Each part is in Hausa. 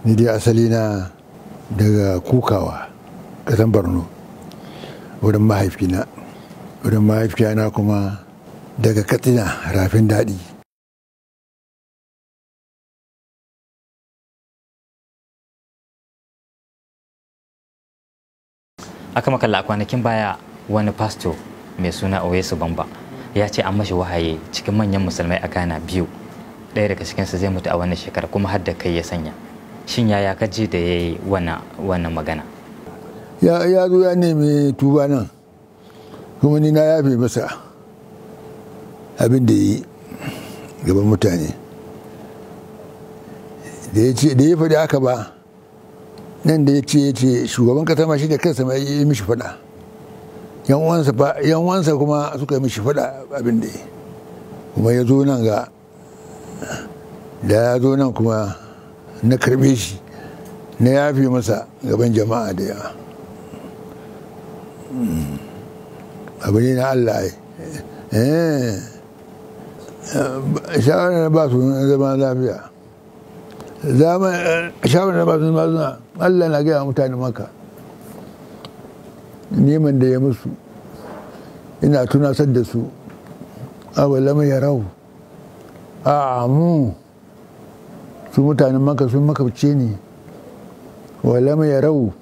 ni dai asali na daga kukawa ƙasan barno wurin mahaifina wurin mahaifiyana kuma daga katsina rafin daɗi aka makalla a kwanakin baya wani fasto mai suna oyesu bamba ya ce an mashi wahaye cikin manyan musulmai a ghana biyu ɗaya daga cikinsu zai mutu a wannan shekara kuma har da kai ya sanya shin yaya ka ji da ya yi wannan magana ya zo ya nemi tuba nan kuma ni na yafe masa abin da ya yi gaban mutane da ya ce da ya faɗi aka ba nan da ya ce ya ce shugaban kasa ma shi da kansa ma yi mishi faɗa yan wansa kuma suka yi mishi faɗa abin da ya kuma ya zo nan ga da ya zo nan kuma na karbe shi na yafe masa gaban jama'a da yawa hmm. abu ne na allah eh, eh na ba su zama lafiya eh, na ba su zama zuna allah na gaya mutane maka neman da ya musu ina tunasar da su abu lamar ya rau a amu su mutanen maka sun makabce ne walama ya rau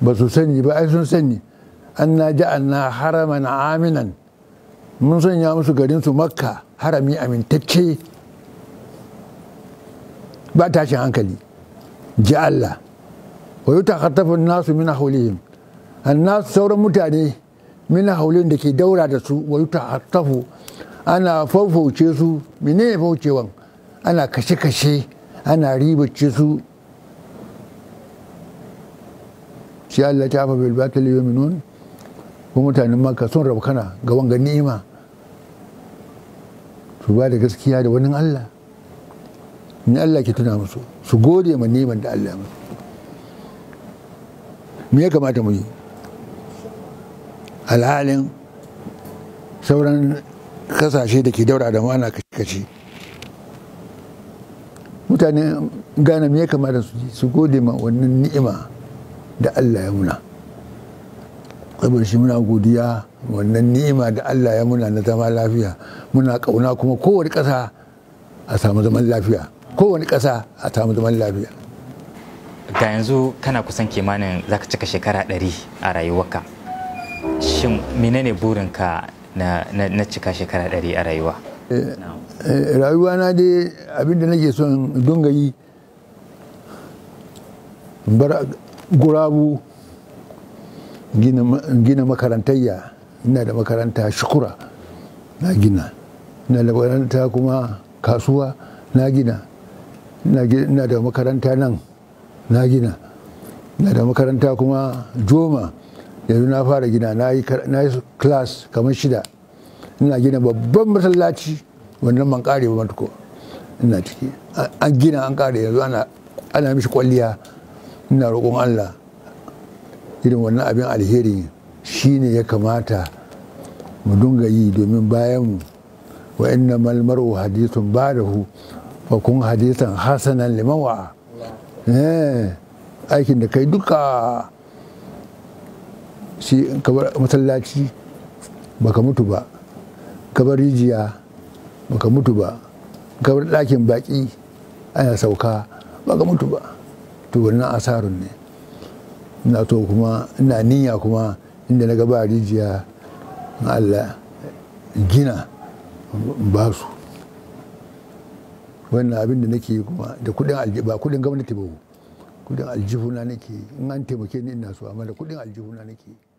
ba su sani ba ai sun sani an na ji an na haraman aminan mun sanya musu garin su makka harami amintacce ba tashin hankali ji Allah wa yuta khatafin nasu min haulihim nasu sauran mutane min haulin da ke daura da su wa yuta khatafu ana faufauce su menene faucewan ana kashe-kashe ana ribace su shi Allah ta fa bil batil yu'minun Ko mutanen makka sun rabu kana ga wanga ni'ima su ba da gaskiya da wani Allah ni Allah ke tuna musu su gode ma neman da Allah musu me ya kamata mu yi alhalin sauran kasashe da ke daura da mu ana kashe mutane gane me ya kamata su gode ma wannan ni'ima da allah ya muna saboda shi muna godiya wannan ni'ima da allah ya muna na zama lafiya muna kauna kuma kowane ƙasa a samu zaman lafiya kowane ƙasa a samu zaman lafiya ga yanzu kana kusan kimanin zaka cika shekara ɗari a rayuwarka shin menene burinka na, na, na cika shekara ɗari a rayuwa Eh, rayuwa na dai abinda nake son dunga yi bar gurabu gina makarantayya ina da makaranta shukura na gina ina da makaranta kuma kasuwa na gina ina da makaranta nan na gina ina da makaranta kuma joma yanzu na fara gina na yi class kamar shida ina gina babban masallaci wannan man kare ba matuko ina ciki an gina an kare yanzu ana ana mishi kwalliya ina roƙon Allah irin wannan abin alheri shine ya kamata mu dunga yi domin bayan mu wa inna mal mar'u hadithun ba'dahu fa kun hadithan hasanan liman wa'a eh, aikin da kai duka shi kamar masallaci baka mutu ba gabar rijiya baka mutu ba gabar ɗakin baƙi ana sauka baka mutu ba to wannan asarun ne na to kuma ina niyya kuma inda na gaba rijiya Allah gina ba su wannan abin da nake kuma da kudin aljihu ba kudin gwamnati ba kudin aljihu na nake in an taimake ni ina so amma da kudin aljihu na nake